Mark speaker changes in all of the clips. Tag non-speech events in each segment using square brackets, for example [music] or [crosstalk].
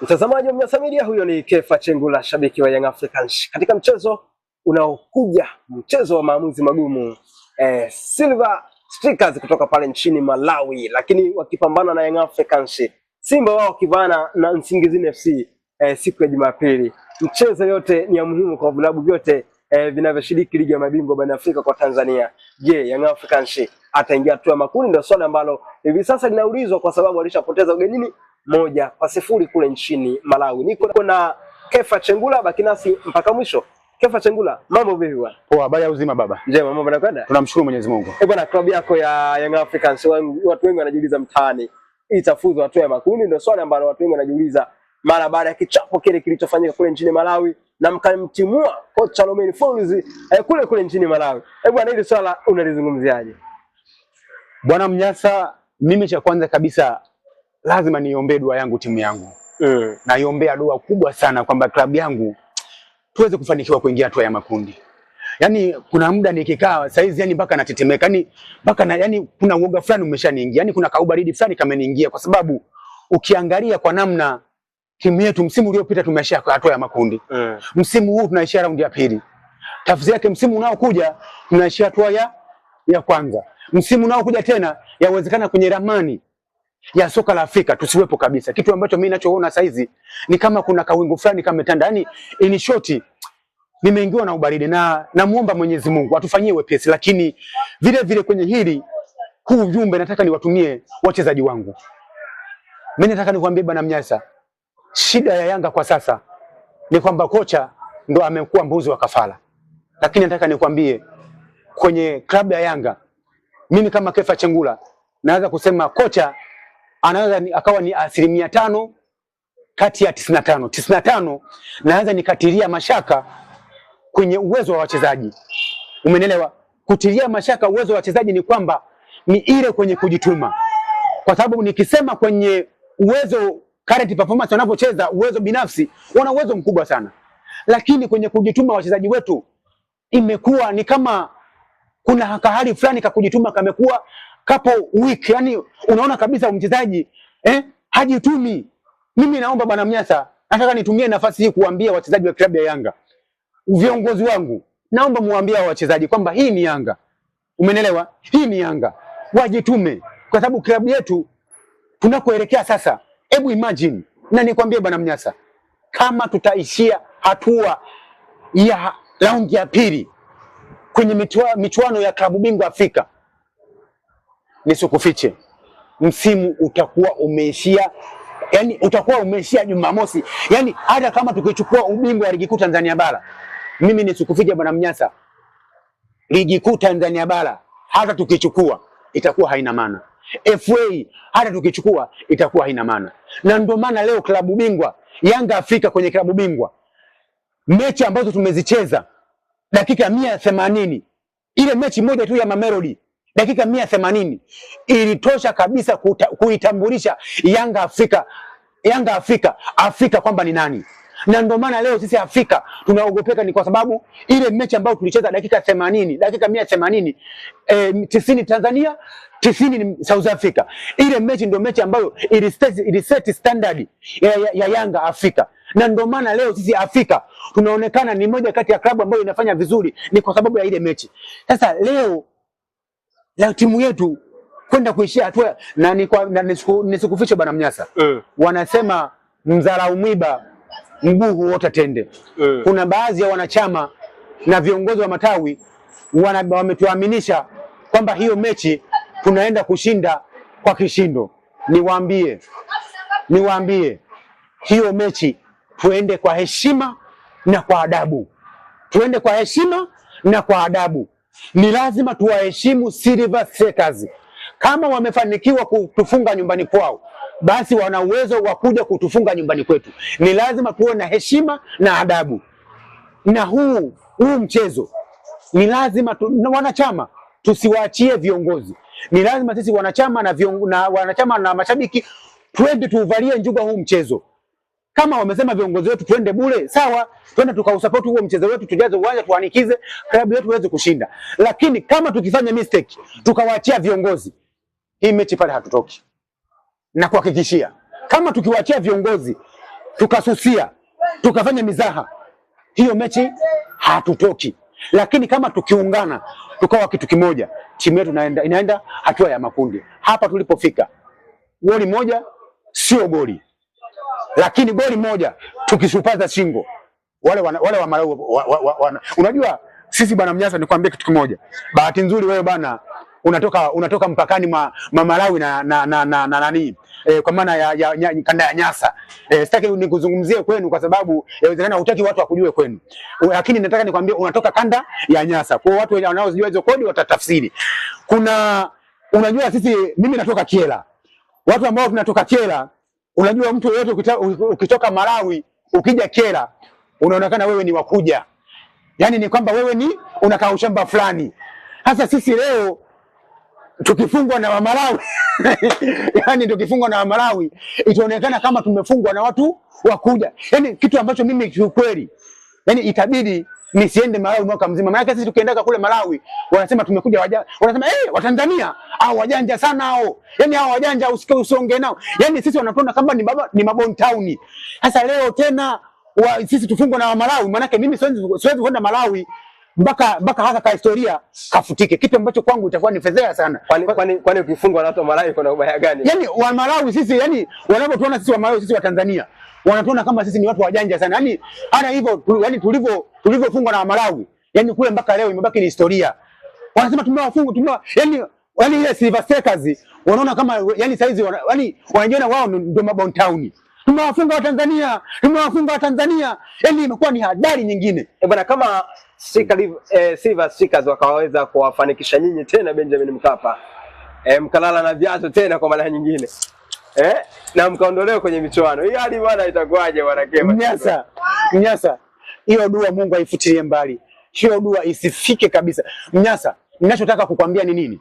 Speaker 1: Mtazamaji wa Mnyasa Media, huyo ni Kefa Chengula, shabiki wa Young Africans, katika mchezo unaokuja, mchezo wa maamuzi magumu eh, Silver Strikers kutoka pale nchini Malawi, lakini wakipambana na Young Africans, Simba wao wakivana na Nsingizini FC eh, siku ya Jumapili. Mchezo yote ni ya muhimu kwa vilabu vyote eh, vinavyoshiriki ligi ya mabingwa barani Afrika kwa Tanzania. Je, yeah, Young Africans ataingia hatua ya makundi? Ndio swali ambalo hivi sasa linaulizwa kwa sababu alishapoteza ugenini moja kwa sifuri kule nchini Malawi. Niko na Kefa Chengula, baki nasi mpaka mwisho. Kefa Chengula, mambo vipi bwana?
Speaker 2: Poa, habari ya uzima baba?
Speaker 1: Njema, mambo yanakwenda?
Speaker 2: Tunamshukuru Mwenyezi Mungu.
Speaker 1: Eh bwana, klabu yako ya Young Africans watu wengi wanajiuliza mtaani itafuzu hatua ya makundi, ndio swali ambalo watu wengi wanajiuliza mara baada ya kichapo kile kilichofanyika kule nchini Malawi na mkamtimua kocha Romain Folz eh, kule kule nchini Malawi. Eh bwana, hili swala unalizungumziaje?
Speaker 2: Bwana Mnyasa, mimi cha kwanza kabisa lazima niombee dua yangu timu yangu mm. Naiombea dua kubwa sana kwamba klabu yangu tuweze kufanikiwa kuingia hatua ya makundi. Yaani kuna muda nikikaa saizi, yani mpaka natetemeka, yani mpaka na, yani kuna uoga fulani umeshaniingia, yani kuna kaubaridi fulani kameniingia, kwa sababu ukiangalia kwa namna timu yetu msimu uliopita tumeishia hatua ya makundi mm. Msimu huu tunaishia raundi ya pili, tafsiri yake msimu unaokuja tunaishia hatua ya ya kwanza, msimu unaokuja tena yawezekana kwenye ramani ya soka la Afrika tusiwepo kabisa, kitu ambacho mimi ninachoona sasa hizi ni kama kuna kawingu fulani kametanda. Yaani in short, nimeingiwa na ubaridi na namuomba Mwenyezi Mungu atufanyie wepesi, lakini vile vile kwenye hili huu ujumbe nataka niwatumie wachezaji wangu. Mimi nataka nikwambie bwana Mnyasa, shida ya Yanga kwa sasa ni kwamba kocha ndo amekuwa mbuzi wa kafara, lakini nataka nikwambie kwenye klabu ya Yanga, mimi kama Kefa Chengula naweza kusema kocha anaweza akawa ni asilimia tano kati ya tisini na tano tisini na tano naweza nikatilia mashaka kwenye uwezo wa wachezaji, umenelewa. Kutilia mashaka uwezo wa wachezaji ni kwamba ni ile kwenye kujituma, kwa sababu nikisema kwenye uwezo current performance wanavyocheza, uwezo binafsi, wana uwezo mkubwa sana, lakini kwenye kujituma wachezaji wetu imekuwa ni kama kuna kahali fulani ka kujituma kamekuwa kapo weak, yani unaona kabisa mchezaji eh, hajitumi. Mimi naomba bwana Mnyasa, nataka nitumie nafasi hii kuambia wachezaji wa klabu ya Yanga, viongozi wangu, naomba muambie hao wachezaji kwamba hii ni Yanga, umenelewa? Hii ni Yanga, wajitume kwa sababu klabu yetu tunakoelekea sasa, hebu imagine. Na nikwambie bwana Mnyasa, kama tutaishia hatua ya raundi ya pili kwenye michuano ya klabu bingwa Afrika nisikufiche, msimu utakuwa umeishia yani, utakuwa umeishia Jumamosi. Yani hata kama tukichukua ubingwa wa ligi kuu Tanzania bara, mimi nisikufiche bwana Mnyasa, ligi kuu Tanzania bara hata tukichukua itakuwa haina maana. FA hata tukichukua itakuwa haina maana, na ndio maana leo klabu bingwa Yanga Afrika kwenye klabu bingwa mechi ambazo tumezicheza dakika mia themanini ile mechi moja tu ya Mamelodi dakika mia themanini ilitosha kabisa kuitambulisha Yanga Afrika, Yanga Afrika, Afrika kwamba ni nani na ndio maana leo sisi Afrika tunaogopeka, ni kwa sababu ile mechi ambayo tulicheza dakika themanini dakika mia themanini e, tisini Tanzania tisini ni South Africa. Ile mechi ndio mechi ambayo iliseti standard ya, ya, ya Yanga Afrika, na ndio maana leo sisi Afrika tunaonekana ni moja kati ya klabu ambayo inafanya vizuri, ni kwa sababu ya ile mechi. Sasa leo la timu yetu kwenda kuishia hatua na ni kwa nisikufiche bwana Mnyasa e. Wanasema mdharau mwiba mguu huota tende e. Kuna baadhi ya wanachama na viongozi wa matawi wametuaminisha kwamba hiyo mechi tunaenda kushinda kwa kishindo. Niwaambie, niwaambie hiyo mechi tuende kwa heshima na kwa adabu, tuende kwa heshima na kwa adabu ni lazima tuwaheshimu Silver Strikers. Kama wamefanikiwa kutufunga nyumbani kwao, basi wana uwezo wa kuja kutufunga nyumbani kwetu. Ni lazima tuwe na heshima na adabu, na huu huu mchezo ni lazima tu, na wanachama tusiwaachie viongozi. Ni lazima sisi wanachama na, viongo, na wanachama na mashabiki twende tuuvalie njuga huu mchezo. Kama wamesema viongozi wetu twende bure, sawa, twende tukausupport huo mchezo wetu, tujaze uwanja, tuanikize klabu yetu iweze kushinda. Lakini kama tukifanya mistake tukawaachia viongozi, hii mechi pale hatutoki, na kuhakikishia, kama tukiwaachia viongozi tukasusia, tukafanya mizaha, hiyo mechi hatutoki. Lakini kama tukiungana tukawa kitu kimoja, timu yetu inaenda inaenda hatua ya makundi. Hapa tulipofika, goli moja sio goli lakini goli moja tukisupaza shingo wale wana, wale wa Malawi wa, wa, wa, unajua sisi bwana Mnyasa, nikwambie kitu kimoja. Bahati nzuri wewe bwana unatoka unatoka mpakani mwa ma Malawi na na na, na, na nani e, kwa maana ya, ya, ya kanda ya Nyasa e, sitaki nikuzungumzie kwenu kwa sababu e, inawezekana hutaki watu wakujue kwenu, lakini nataka nikwambie unatoka kanda ya Nyasa. Kwa watu wanaojua hizo kodi watatafsiri. Kuna unajua sisi, mimi natoka Kiela, watu ambao tunatoka Kiela Unajua mtu yoyote ukitoka Malawi ukija Kera unaonekana wewe ni wakuja, yaani ni kwamba wewe ni unakaa ushamba fulani. Hasa sisi leo tukifungwa na Wamalawi [laughs] yaani tukifungwa na Wamalawi itaonekana kama tumefungwa na watu wakuja, yaani kitu ambacho mimi kiukweli, yaani itabidi nisiende Malawi mwaka mzima. Maana sisi tukiendaka kule Malawi wanasema tumekuja waja, wanasema eh, hey, Watanzania au wajanja sana hao. Yaani hao wajanja usikie usonge nao. Yaani sisi wanatuona kama ni baba ni mabon town. Sasa leo tena wa, sisi tufungwe na Malawi, maana yake mimi siwezi siwezi kwenda Malawi mpaka mpaka hasa ka historia kafutike, kitu ambacho kwangu itakuwa ni fedheha sana.
Speaker 1: Kwani kwani kwani ukifungwa na watu wa Malawi kuna ubaya gani?
Speaker 2: Yaani wa Malawi sisi, yani wanapotuona sisi wa Malawi, sisi wa Tanzania wanatuona kama sisi ni watu wajanja sana, yani hata hivyo, yani tulivyo tulivyofungwa na Malawi, yani kule mpaka leo imebaki ni historia. Wanasema tumewafunga tumewa, yani yani ile Silver Strikers wanaona kama yani saizi wana, yani wanajiona wao ndio Mabon Town. Tumewafunga Watanzania, tumewafunga Watanzania, yani imekuwa ni hadari nyingine
Speaker 1: e bwana. Kama eh, Silver Strikers wakaweza kuwafanikisha nyinyi tena Benjamin Mkapa eh, mkalala na viazo tena kwa mara nyingine eh, na mkaondolewa kwenye michuano hii, hadi bwana itakuwaje bwana Kema?
Speaker 2: Mnyasa mnyasa hiyo dua Mungu aifutilie mbali, hiyo dua isifike kabisa. Mnyasa, ninachotaka kukwambia ni nini?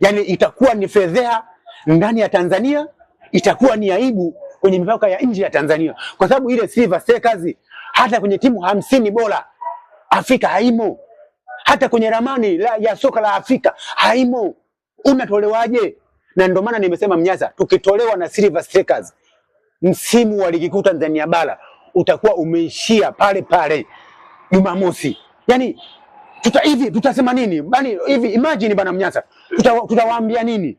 Speaker 2: Yaani itakuwa ni fedheha ndani ya Tanzania, itakuwa ni aibu kwenye mipaka ya nje ya Tanzania, kwa sababu ile Silver Strikers hata kwenye timu hamsini bora Afrika haimo, hata kwenye ramani la, ya soka la Afrika haimo. Unatolewaje? Na ndio maana nimesema Mnyasa, tukitolewa na Silver Strikers msimu wa ligi kuu Tanzania bara utakuwa umeishia pale pale Jumamosi. Yani tuta hivi tutasema nini? Bani hivi imagine bana Mnyasa. Tutawaambia tuta nini?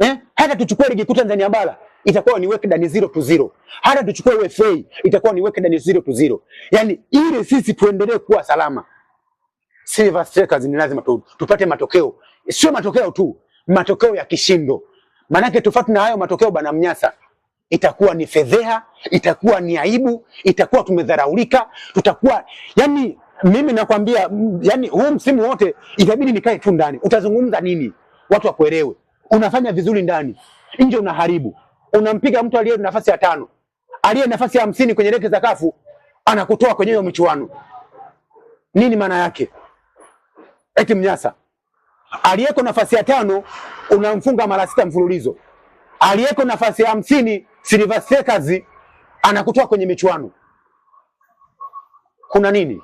Speaker 2: Eh? Hata tuchukue ligi kuu Tanzania bara itakuwa ni wake dani zero to zero. Hata tuchukue UFA itakuwa ni wake dani zero to zero. Yani ile sisi tuendelee kuwa salama. Silver Strikers ni lazima tu, tupate matokeo. Sio matokeo tu, matokeo ya kishindo. Maanake tofauti na hayo matokeo bana Mnyasa itakuwa ni fedheha, itakuwa ni aibu, itakuwa tumedharaulika, tutakuwa yani, mimi nakwambia yani, huu msimu wote itabidi nikae tu ndani. Utazungumza nini? Watu wakuelewe. Unafanya vizuri ndani, nje unaharibu. Unampiga mtu aliye nafasi ya tano, aliye nafasi ya hamsini kwenye reke za kafu, anakutoa kwenye hiyo michuano. Nini maana yake? Eti Mnyasa aliyeko nafasi ya tano unamfunga mara sita mfululizo, aliyeko nafasi ya hamsini Silver Strikers anakutoa kwenye michuano, kuna nini?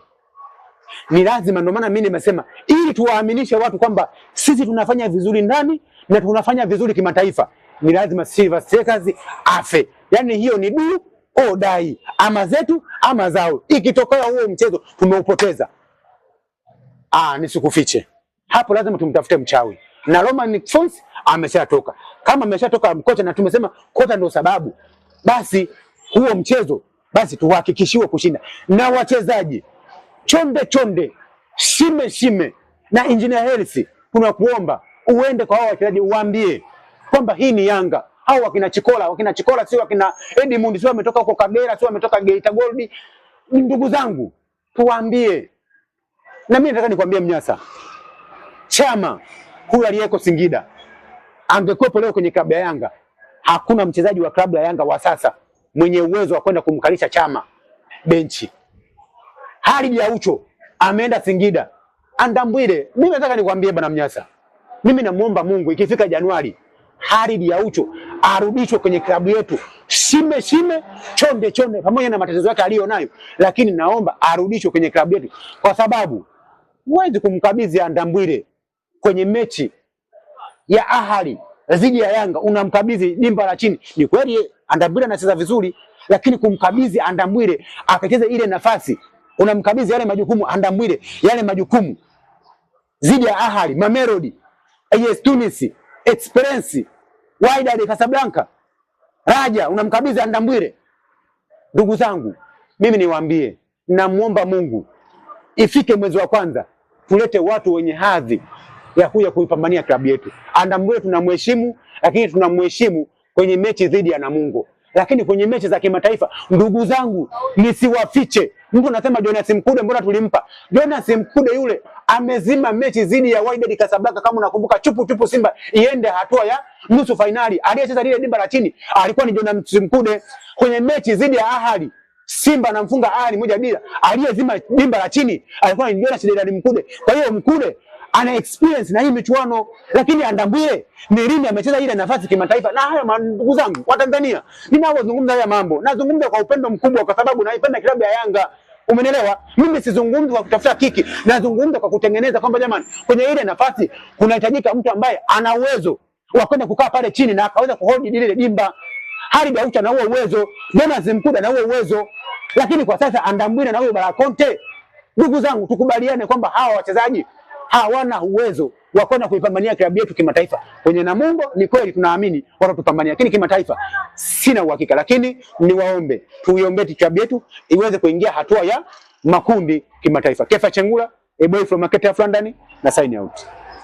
Speaker 2: Ni lazima ndio maana mimi nimesema, ili tuwaaminishe watu kwamba sisi tunafanya vizuri ndani na tunafanya vizuri kimataifa, ni lazima Silver Strikers afe. Yaani hiyo ni du o dai, ama zetu ama zao. Ikitokea huo mchezo tumeupoteza, ah, nisikufiche hapo, lazima tumtafute mchawi na Roman Nixon ameshatoka. Kama ameshatoka mkocha na tumesema kocha ndio sababu, basi huo mchezo basi tuhakikishiwe kushinda, na wachezaji chonde chonde, shime shime, na Engineer Hersi, kuomba uende kwa hao wachezaji uwaambie kwamba hii ni Yanga au wakina Chikola, wakina Chikola sio wakina Edmund, sio wametoka huko Kagera, sio wametoka Geita Gold. Ndugu zangu, tuwaambie. Na mimi nataka nikwambie Mnyasa Chama huyu aliyeko Singida angekuwepo leo kwenye klabu ya Yanga, hakuna mchezaji wa klabu ya Yanga wa sasa mwenye uwezo wa kwenda kumkalisha Chama benchi. Hali ya Ucho ameenda Singida. Andambwile, mimi nataka nikwambie bwana Mnyasa, mimi namuomba Mungu ikifika Januari Halid Aucho arudishwe kwenye klabu yetu shime shime, chonde chonde, pamoja na matatizo yake aliyonayo, lakini naomba arudishwe kwenye klabu yetu, kwa sababu huwezi kumkabidhi Andambwile kwenye mechi ya Ahali dhidi ya Yanga unamkabidhi dimba la chini. Ni kweli Andabwile anacheza vizuri, lakini kumkabidhi Andabwile akacheza ile nafasi, unamkabidhi yale majukumu Andabwile, yale majukumu dhidi ya Ahali, Mamelodi, AS Tunis, Esperance, Wydad Casablanca, Raja, unamkabidhi Andabwile. Ndugu zangu, mimi niwaambie, namuomba Mungu ifike mwezi wa kwanza tulete watu wenye hadhi ya kuja kuipambania klabu yetu. Andambuye tunamheshimu, lakini tunamheshimu kwenye mechi dhidi ya Namungo, lakini kwenye mechi za kimataifa, ndugu zangu, nisiwafiche. Mtu anasema Jonas Mkude, mbona tulimpa Jonas Mkude? Yule amezima mechi zidi ya Wydad Casablanca, kama unakumbuka, chupu chupu Simba iende hatua ya nusu fainali. Aliyecheza lile dimba la chini alikuwa ni Jonas Mkude. Kwenye mechi zidi ya Ahali Simba anamfunga Ahali moja bila, aliyezima dimba la chini alikuwa ni Jonas Mkude. Kwa hiyo Mkude ana experience na hii michuano, lakini Andambwile ni lini amecheza ile nafasi kimataifa? Na haya ndugu zangu wa Tanzania, ninapozungumza haya mambo nazungumza kwa upendo mkubwa, kwa sababu naipenda klabu ya Yanga. Umenielewa? Mimi sizungumzi kwa kutafuta kiki, nazungumza kwa kutengeneza kwamba jamani, kwenye ile nafasi kunahitajika mtu ambaye ana uwezo wa kwenda kukaa pale chini na akaweza kuhold ile dimba. Haribi Aucho na huo uwezo, Bona Zimkuda na huo uwezo, lakini kwa sasa Andambwile na huyo Barakonte, ndugu zangu, tukubaliane kwamba hawa wachezaji hawana uwezo wa kwenda kuipambania klabu yetu kimataifa. Kwenye Namungo ni kweli tunaamini watatupambania, lakini kimataifa sina uhakika, lakini niwaombe, tuiombe klabu yetu iweze kuingia hatua ya makundi kimataifa. Kefa Chengula, a boy from Makete ya Flandani na sign out.